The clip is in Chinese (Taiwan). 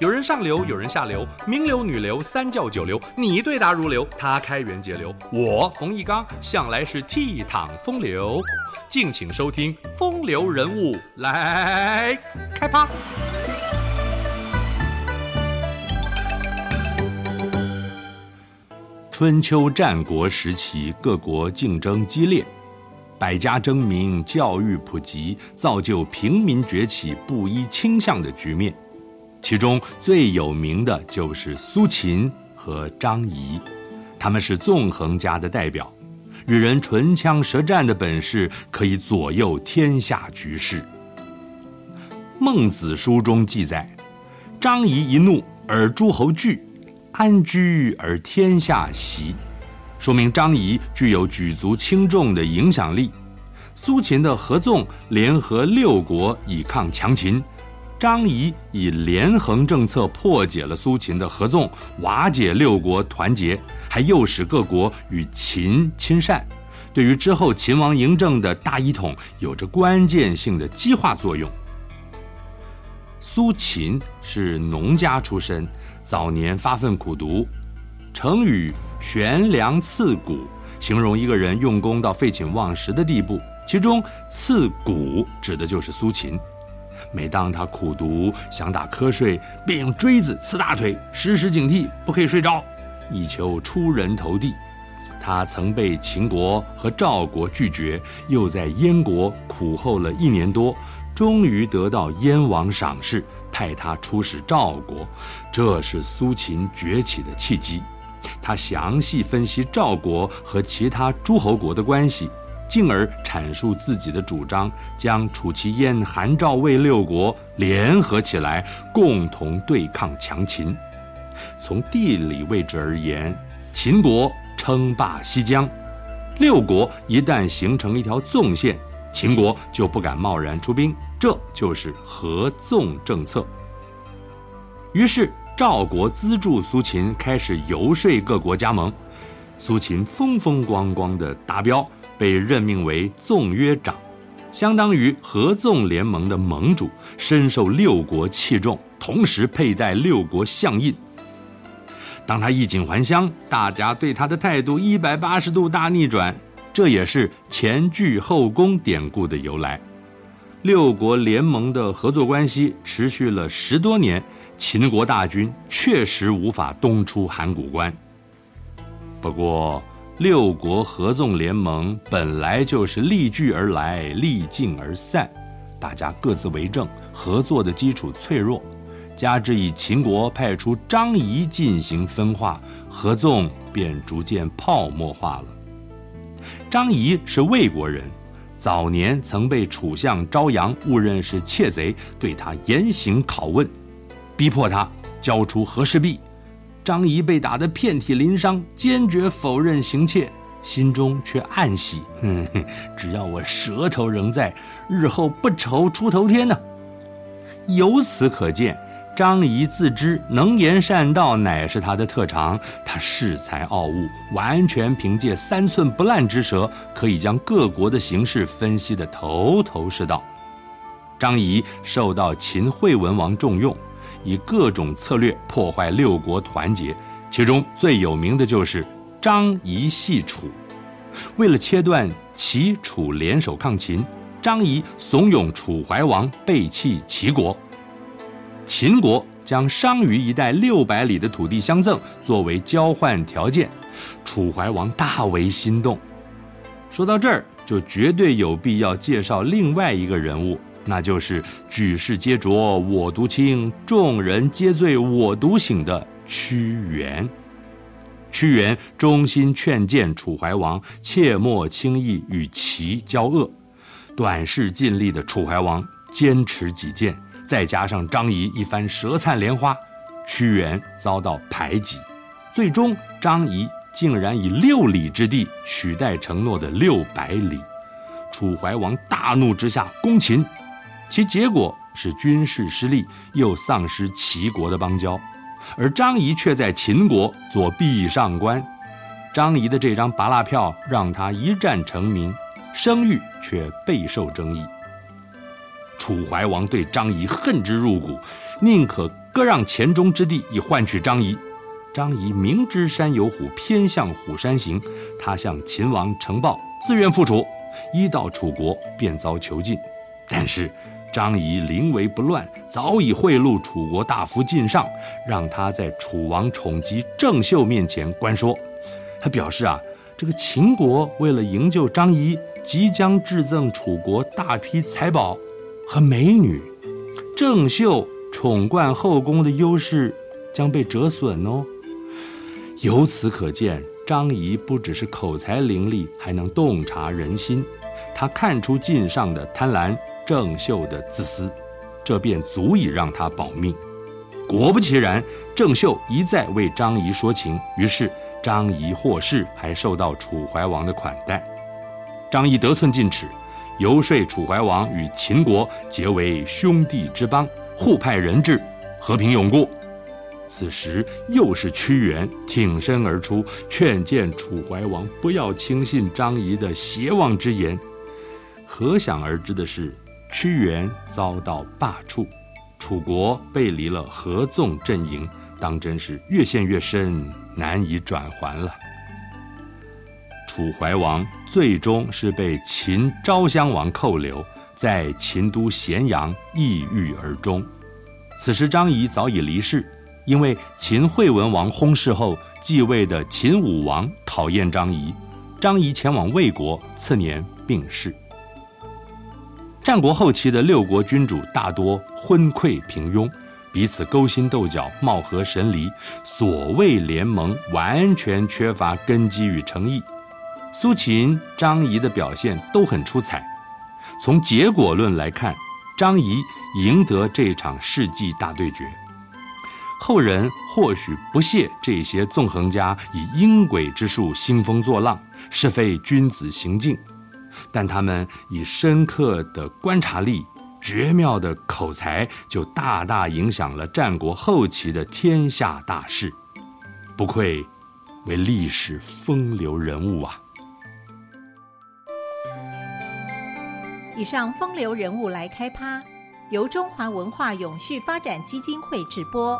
有人上流，有人下流，名流、女流、三教九流，你對答如流，他開源節流，我馮翊綱向來是倜儻風流。敬請收聽《風流人物》。來，來開趴。春秋戰國時期，各國競爭激烈，百家爭鳴，教育普及，造就平民崛起、布衣傾向的局面。其中最有名的就是蘇秦和張儀，他們是縱橫家的代表，與人唇槍舌戰的本事，可以左右天下局勢。《孟子》書中記載：“張儀一怒而諸侯懼，安居而天下息。”說明張儀具有舉足輕重的影響力。蘇秦的合縱聯合六國以抗強秦。張儀以連橫政策破解了蘇秦的合縱，瓦解六國團結，還誘使各國與秦親善，對於之後秦王嬴政的大一統有着關鍵性的激化作用。蘇秦是農家出身，早年發奮苦讀，成語懸梁刺股，形容一個人用功到廢寢忘食的地步，其中刺股指的就是蘇秦。每當他苦讀想打瞌睡，便用錐子刺大腿，時時警惕不可以睡着，以求出人頭地。他曾被秦國和趙國拒絕，又在燕國苦候了一年多，終於得到燕王賞識，派他出使趙國。這是蘇秦崛起的契機。他詳細分析趙國和其他諸侯國的關係。進而闡述自己的主張，將楚、齊、燕、韓、趙、魏六國聯合起來，共同對抗強秦。從地理位置而言，秦國稱霸西疆，六國一旦形成一條縱線，秦國就不敢貿然出兵。這就是合縱政策。於是趙國資助蘇秦，開始游說各國加盟。蘇秦風風光光地達標。被任命為縱約長，相當於合縱聯盟的盟主，深受六國器重，同時佩戴六國相印。當他衣錦還鄉，大家對他的態度一百八十度大逆轉，這也是前倨後恭典故的由來。六國聯盟的合作關係持續了十多年，秦國大軍確實無法東出函谷關。不過，六國合縱聯盟本來就是利聚而來，利盡而散，大家各自為政，合作的基礎脆弱，加之以秦國派出張儀進行分化，合縱便逐漸泡沫化了。張儀是魏國人，早年曾被楚相昭陽誤認是竊賊，對他嚴刑拷問，逼迫他交出和氏璧。張儀被打得遍體鱗傷，堅決否認行竊，心中卻暗喜。哼哼，只要我舌頭仍在，日後不愁出頭天呢、啊。由此可見，張儀自知能言善道乃是他的特長，他恃才傲物，完全憑借三寸不爛之舌，可以將各國的形勢分析得頭頭是道。張儀受到秦惠文王重用。以各種策略破壞六國團結，其中最有名的就是張儀戲楚。為了切斷齊楚聯手抗秦，張儀慫恿楚懷王背棄齊國。秦國將商於一帶六百里的土地相贈作為交換條件，楚懷王大為心動。說到這兒，就絕對有必要介紹另外一個人物。那就是“舉世皆濁我獨清，眾人皆醉我獨醒”的屈原。屈原忠心勸諫楚懷王，切莫輕易與齊交惡。短視近利的楚懷王堅持己見，再加上張儀一番舌燦蓮花，屈原遭到排擠。最終，張儀竟然以六里之地取代承諾的六百里，楚懷王大怒之下攻秦。其結果是軍事失利，又喪失齊國的邦交，而張儀卻在秦國作壁上觀。張儀的這張芭樂票讓他一戰成名，聲譽卻備受爭議。楚懷王對張儀恨之入骨，寧可割讓黔中之地以換取張儀。張儀明知山有虎，偏向虎山行，他向秦王呈報自願赴楚，一到楚國便遭囚禁。但是，張儀臨危不亂，早已賄賂楚國大夫靳尚，讓他在楚王寵姬鄭袖面前關說。他表示啊，這個秦國為了營救張儀，即將致贈楚國大批財寶和美女，鄭袖寵冠後宮的優勢將被折損哦。由此可見，張儀不只是口才伶俐，還能洞察人心。他看出靳尚的貪婪。鄭袖的自私，這便足以讓他保命。果不其然，鄭袖一再為張儀說情，於是張儀獲釋，還受到楚懷王的款待。張儀得寸進尺，游說楚懷王與秦國結為兄弟之邦，互派人質，和平永固。此時又是屈原挺身而出，勸諫楚懷王不要輕信張儀的邪妄之言。可想而知的是。屈原遭到罷黜，楚國背離了合縱陣營，當真是越陷越深，難以轉圜了。楚懷王最終是被秦昭襄王扣留，在秦都咸陽抑鬱而終。此時張儀早已離世，因為秦惠文王薨逝後繼位的秦武王討厭張儀，張儀前往魏國，次年病逝。戰國後期的六國君主大多昏聵平庸，彼此勾心鬥角，貌合神離。所謂聯盟，完全缺乏根基與誠意。蘇秦、張儀的表現都很出彩。從結果論來看，張儀贏得這場世紀大對決。後人或許不屑這些縱橫家以陰詭之術興風作浪，是非君子行徑。但他們以深刻的觀察力、絕妙的口才，就大大影響了戰國後期的天下大事，不愧為歷史風流人物啊！以上風流人物來開趴，由中華文化永續發展基金會直播。